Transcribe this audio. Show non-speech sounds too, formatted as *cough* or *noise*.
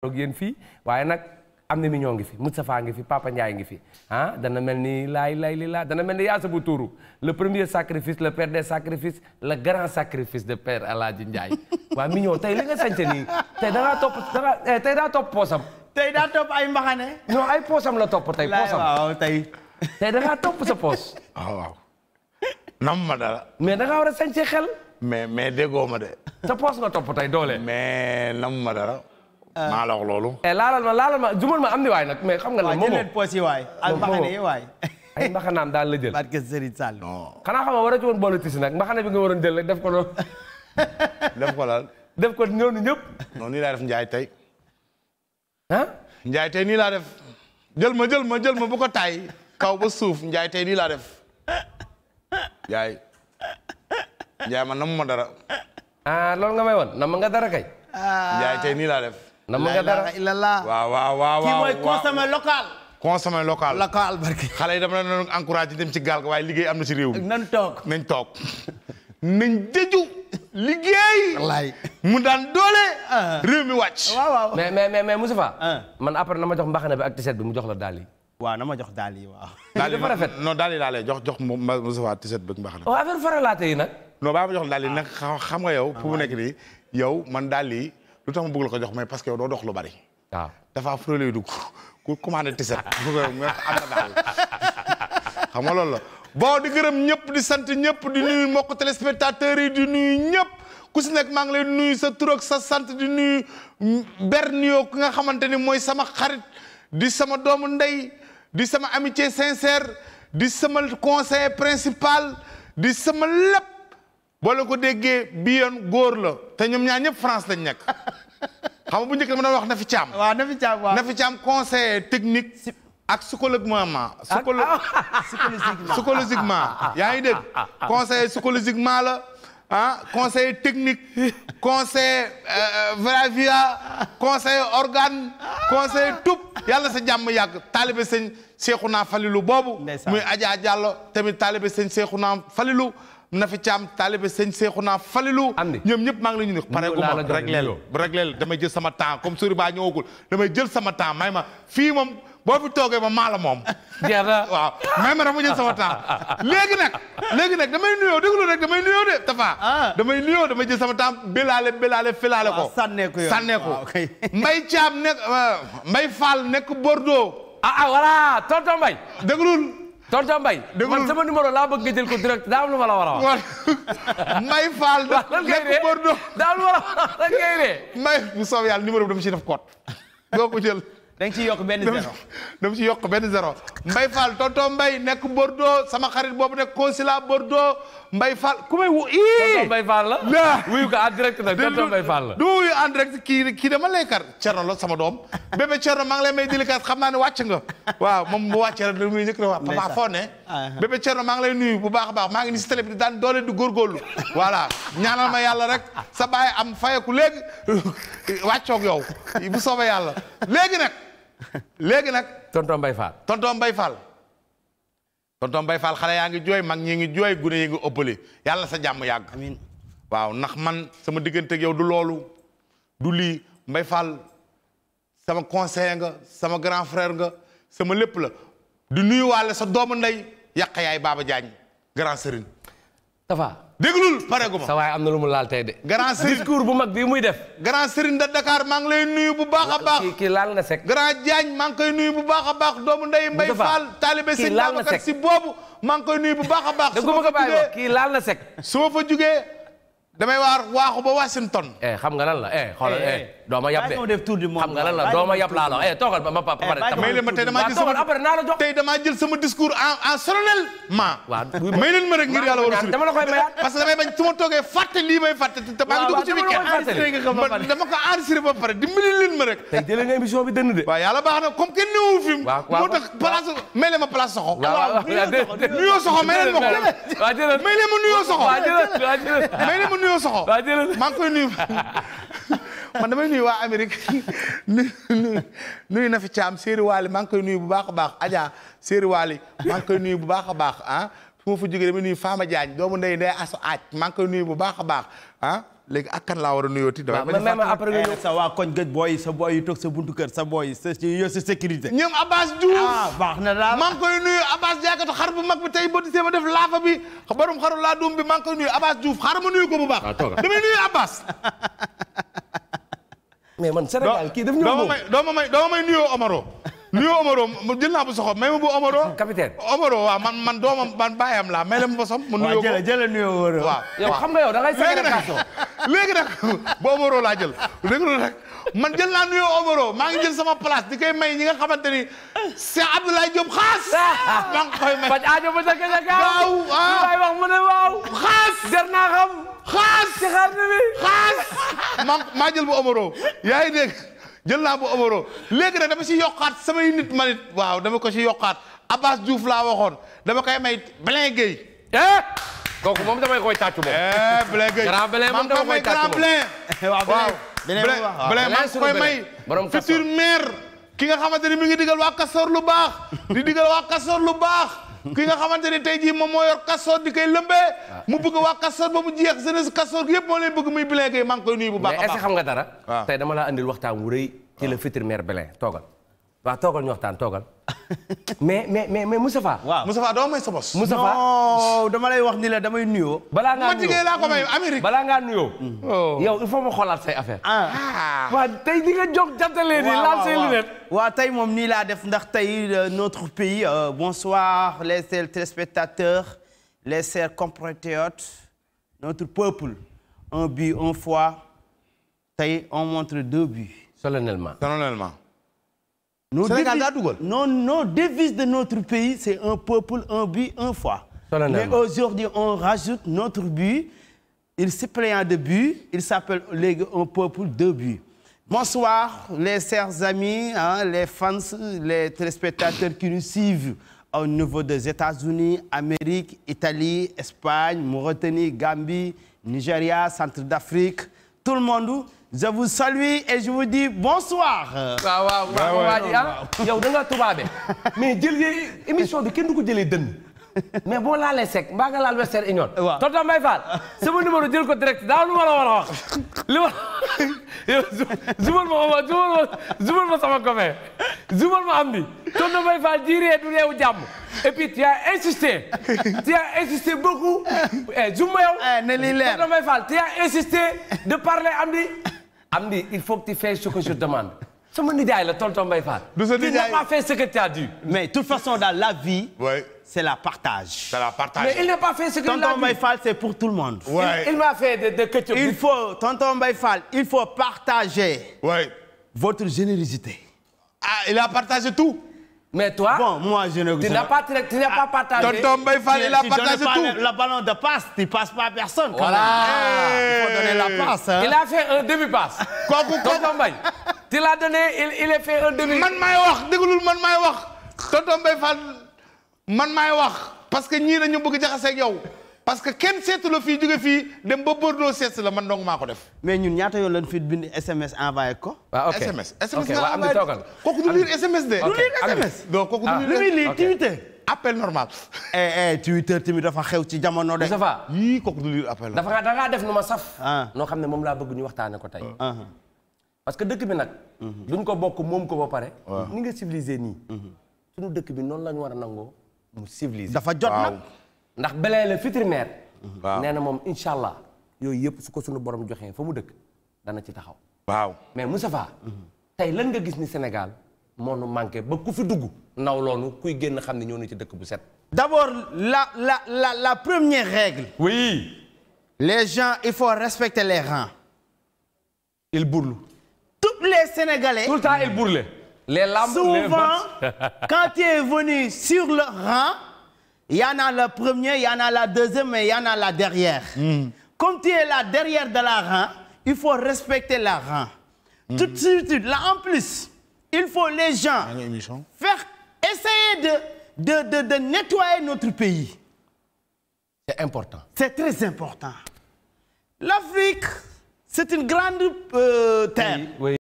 ak yéen fii waaye nag am na mi ñoo ngi fi Moustapha ngi fi Papa Ndiaye ngi fi ah dana mel ni laay lay li laa dana mel ni yaasa bu tuuru le premier sacrifice le père des sacrifices la grand sacrifice de père Alaaji Ndiaye *laughs* waa mi tey li nga sañte nii tey da ngaa topp dangaa eh, tey daa topp ay mbaxane non la topp tey sa poos waaw *laughs* ah, waaw nam ma dara mais da ngaa war a sañce xel mais mais déggoo ma de sa poos nga topp tey doole mais nam ma dara Euh, maa la wax loolu. laalal ma laalal ma jumal ma am ni waay nag mais xam nga ne moom moom waay ak mbaxane yi daal la jël. parce que Serigne war a ci woon boole tisi nag mbaxane bi nga waroon jël def ko loolu. *laughs* def ko laal. def ko ñooñu ñëpp. non nii laa def Ndiaye tey. ah. Ndiaye tey jël ma jël ma jël ma bu taay. kaw ba suuf njaay tey nii laa def. ma Ndiaye man namu dara. ah loolu nga may won nam nga dara kay. Ah. Ndiaye tey nii laa na ma a dara illallah waaw waaw waaw local consommer local local barke xale yi dama dem ci gaal waaye liggéey am na si réew mi nañ toog nañ toog nañ dëju liggéey mu daan doole ah. réew mi wàcc waaw waaw mais mais mais Moustapha ah. man après na ma jox mbaxana bi ak tiset bi mu jox la daal yi waaw na ma jox daal yi waaw *laughs* daal yi dafa rafet daal yi jox jox Moustapha tiset ak mbaxana waaw oh, affaire faralaate yi baa ma jox la daal yi nag ah. xam nga yow fu mu nekk nii yow man daal yi lu tax ma bëgg la ko jox mooy parce que yow doo dox lu bari. waaw dafa fure lay dugg ku commandé tiset. bu *laughs* ko am na daal xam nga loolu la. bon di gërëm ñëpp di sant ñëpp di nuyu mbokk téléspectateurs yi di nuyu ñëpp ku si nekk maa ngi lay nuyu sa tur ak sa sant di nuyu Bernio ki nga xamante ni mooy sama xarit di sama doomu ndey di sama amitié sincère di sama conseiller principal di sama lépp boo la ko déggee bi yoon góor la te ñoom ñaar ñëpp France lañ nekk. *laughs* xam bu njëkk dama doon wax Nafi Thiam. waaw Nafi Thiam waaw Nafi Thiam conseiller technique. ak psychologiquement. Ah, ah, psychologiquement psychologiquement. Ah, yaa ngi dégg conseiller psychologiquement la. ah conseil technique conseil euh, vravia conseil organe conseil tub yàlla sa jàmm yàgg taalibe sëñ naa Falilu boobu muy Adja Diallo tamit taalibe sëñ Seexuna Falilu Nafi Thiam taalibe sëñ Seexuna Falilu ñoom ñëpp maa ngi la ñu ni pareeguma regleel regleel damay jël sama temps comme sori baa ñëwagul damay jël sama temps may ma fii moom boo fi toogee ma maa la moom *laughs* jeex waaw may ma dama jël sama temps léegi nag léegi nag damay nuyoo déglu rek damay nuyoo de Tafa ah. damay nuyoo damay jël sama temps bélaale bélaale filaale ko sànneeku sànneeku *laughs* Mbay Thiam nekk euh, Mbay Fall nekk Bordeaux ah ah voilà tonton Mbay déglul tonton Mbaye. man sama numéro laa bëgg nga jël ko direct daa lu ma la war a wax. Mbaye Fall. *laughs* lan ngay la war a wax lan ngay de. Mbaye bu soobee yàlla numéro bi dama ciy def code. *laughs* doo ko jël. da nga ciy yokk benn zéro *laughs* dama ci yokk benn zéro Mbaye Fall tonton Mbaye nekk Bordeaux sama xarit boobu nekk consulat Bordeaux Mbaye Fall ku may wu ii tonton Mbaye Fall la wuyu ko en direct nag tonton Mbaye Fall la du wuyu en direct kii kii dama lay kar Thierno la sama doom bébé Thierno maa ngi lay may délicat xam naa ne wàcc nga waaw moom bu wàccee rek lu muy njëkk rek waa ah, ah. lay nuyu bu baax a baax maa ngi ni si télé bi daan doole di góorgóorlu voilà ñaanal ma yàlla rek sa baay am fayeku léegi *laughs* wàccoog yow bu soobee yàlla léegi nag *laughs* léegi nag. tonton Mbaye Fall. tonton Mbaye Fall. tonton Mbaye Fall xale yaa ngi jooy mag ñi ngi jooy gune yi ngi ëppale yàlla sa jàmm yàgg. amiin waaw ndax man sama diggante yow du loolu du lii Mbaye Fall sama conseiller nga sama grand frère nga sama lépp la du nuyuwaale sa doomu ndey yàq yaay Baba Diagne grand sëriñ. Tafa. déglul pareeguma. sa waay am na lu mu laal tey de. grand Serigne discours bu mag bii muy def. grand Serigne de Dakar maa ngi lay nuyu bu baax a baax. kii laal nga sek. grand Diagne maa ngi koy nuyu bu baax a baax doomu ndey Mbay Fall. taalibe sëñ Babacar si boobu. maa ngi koy nuyu bu baax a baax. *laughs* su ma fa jugee kii laal na sek. su ma fa jugee damay waar waaxu ba Washington. eh xam nga lan la eh, eh. eh, eh. doo eh, ma yab de xam toogal ma pare. may leen ma tey damaa jël sama après naa la ma. waaw ma rek ngir yàlla war a dama la koy mayaat parce que damay bañ su ma toogee fàtte lii may ba pare dimbali leen ma rek. tey jëlee nga émission bi de. waaw yàlla baax na comme kenn néewu moo tax place may ma place soxo. waaw nuyoo soxo may leen ma ko. waaw jërëjëf may leen ma nuyoo soxo. waaw ma nuyoo soxo. waaw jërëjëf maa ngi *laughs* man damay nuyu waa Amérique *laughs* nuyu na fi caam séeri waali maa ngi koy nuyu bu baax a baax Adja séeri waali maa ngi koy nuyu bu baax a baax ah fu ma fa jógee damay nuyu Fama Diagne doomu ndey ndey asu aaj bu baax a baax ah léegi ak kan laa war a nuyooti. waaw man man après nga sa waa koñ gëj booy sa booy yu toog sa sa booy sa yo sécurité. ñoom Abbas Diouf ah na daal maa ngi koy nuyu Abbas jaakatu xar bu mag bi tey boo gisee ma def laafa bi borom xaru laa doom bi maa ngi koy nuyu Abbas Diouf xaaral ma nuyu ko bu baax. Ah, damay nuyu Abbas. *laughs* mais man Sénégal kii daf ñëw doo ma may doo ma may nuyoo Omaro. nuyu Omaro jël naa bu soxom may ma bu Omaro. *laughs* capitaine man man doomam man baayam laa may la ma bosom. mu nuyoo ko waaw jële jële nga yow da ngay segg *laughs* léegi nag bu Omaro laa jël léegi man jël naa nuyoo Omaro maa ngi jël sama place di koy may ñi nga xamante ni Cheikh Abdoulaye Diop *laughs* maa ngi koy may faj jar naa xam. xaas ci jël bu Omaro yaa ngi jël naa bu omoro léegi nag dama si yokkaat samay nit ma nit waaw dama ko si yokkaat Abbas Diouf laa waxoon dama koy may Blin Gueye eh kooku moom damay koy tàccu moom. Eh, Blin Gueye grand Blin moom dama koy tàccu moom waaw Blin maa ngi koy may futur maire ki nga xamante ni mi ngi digal waa Kastoor lu baax di digal waa Kastoor lu baax ki nga xamante ne tey jii moom moo yor kastoor di koy lëmbee mu bëgg waa kastoor ba mu jeex jeunesse kastoor yëpp moo lay bëgg muy Blindé Gueye maa ngi koy nuyu bu baax xam nga dara tey dama laa andil waxtaan wu rëy ci la futur maire Blindé toogal waaw toogal ñu waxtaan toogal *laughs* mais mais mais mais Moustapha. waaw Moustapha doo may sa dama lay wax ni la damay nuyoo. balaa ngaa nuyoo ma ngaa nuyoo. Oh. yow il faut ma xoolaat say affaire. ah, ah. waaw tey nga jóg jàttalee di laal say lunette. waaw tey moom nii laa def ndax tey euh, notre pays euh, bonsoir les téléspectateurs les chers compatriotes notre peuple un but un fois tey on montre deux buts. solennellement Nos Sénégal daa dugal non non devise de notre pays c'est un peuple un but un foi. mais aujourd'hui on rajoute notre but il suppléant de but il s'appelle léegi un peuple de but. bonsoir les chers amis hein, les fans les téléspectateurs qui nous suivent au niveau des États-Unis Amérique Italie Espagne Mauritanie Gambie Nigeria Centre d'Afrique tout le monde. je vous salue et je vous dis bonsoir. waaw waaw waaw waaw ah. yow da tubaabe mais jël émission bi kenn du ko jëlee dënn. mais boo laalee sec mbaa nga laal Western Union. waaw tonton Mbaye Fall sama numéro jël ko direct daaw lu ma la war a wax li ma *laughs* yow zubal ma oma zubal ma zubal ma sama copain zubal ma am beaucoup eh zuma eh, ne li leer tonton Mbaye Fall tu as de parler am am di il faut que tu fasses ce que je demande. *laughs* sama nijaay la tonton Mbaye Fall. du sa nijaay tu n'as pas fait ce que tu as dit. mais de toute façon dans la vie. oui c'est la partage. c'est la partage mais il n'a pas fait ce que tonton il a dit tonton Mbaye Fall c'est pour tout le monde. oui il, il m'a fait de de ketchup. il faut tonton Mbaye Fall il faut partager. oui votre générosité. ah il a partagé tout. mais toi bon moi je ne. tu n'as pas tu n'as pas ah, partagé. tonton Mbaye Fall il a partagé tout. le ballon de passe tu personne. voilà eh. il la passe. il a fait un demi passe. kooku kooku tonton Mbaye. tu l'as donné il il fait un demi. man maay wax déglul man may wax tonton Mbaye Fall man maay wax parce que ñii dañu bëgg jaxaseeg yow. parce que kenn seetu la fii jóge fii dem ba Bordeaux seetu la man dong ko def. mais ñun ñaata yoon lañ fi bind SMS envoyé ko. Ah, waaw ok SMS SMS nga envoyé kooku SMS de. du lire SMS ah, donc kooku du lire. li appel normal. Eh, eh Twitter tamit dafa xew ci jamono de. Moustapha yii kooku du lire appel normal. dafa da ngaa def nu ma saf. Ah. noo xam ne moom laa bëgg ñu waxtaane ko tey. parce que dëkk bi nag. duñ ko bokk moom ko ba pare. ni nga civilisé nii. Mhm. suñu dëkk bi noonu lañu war a nangoo mu civilisé. dafa jot nag. ndax belee la futur maire waaw nee na moom incha allah yooyu yëpp su ko suñu borom joxee fa mu dëkk dana ci taxaw waaw mais Moustapha tey lan nga gis ni Sénégal moo nu manqué ba ku fi dugg naw loonu kuy génn xam ne ñoo ni ci dëkk bu set d'abord la la la la première règle oui les gens il faut respecter les rangs ils bourlent tous les Sénégalais tout le temps ils *laughs* venu sur le rang Il a la première, il a la deuxième et il y a la derrière. Mmh. Comme tu la derrière de la rang, il faut respecter la rang. Mmh. Tout là en plus, il faut les gens faire essayer de, de, de, de nettoyer notre pays. C'est important. C'est très important. L'Afrique, c'est une grande euh, terre.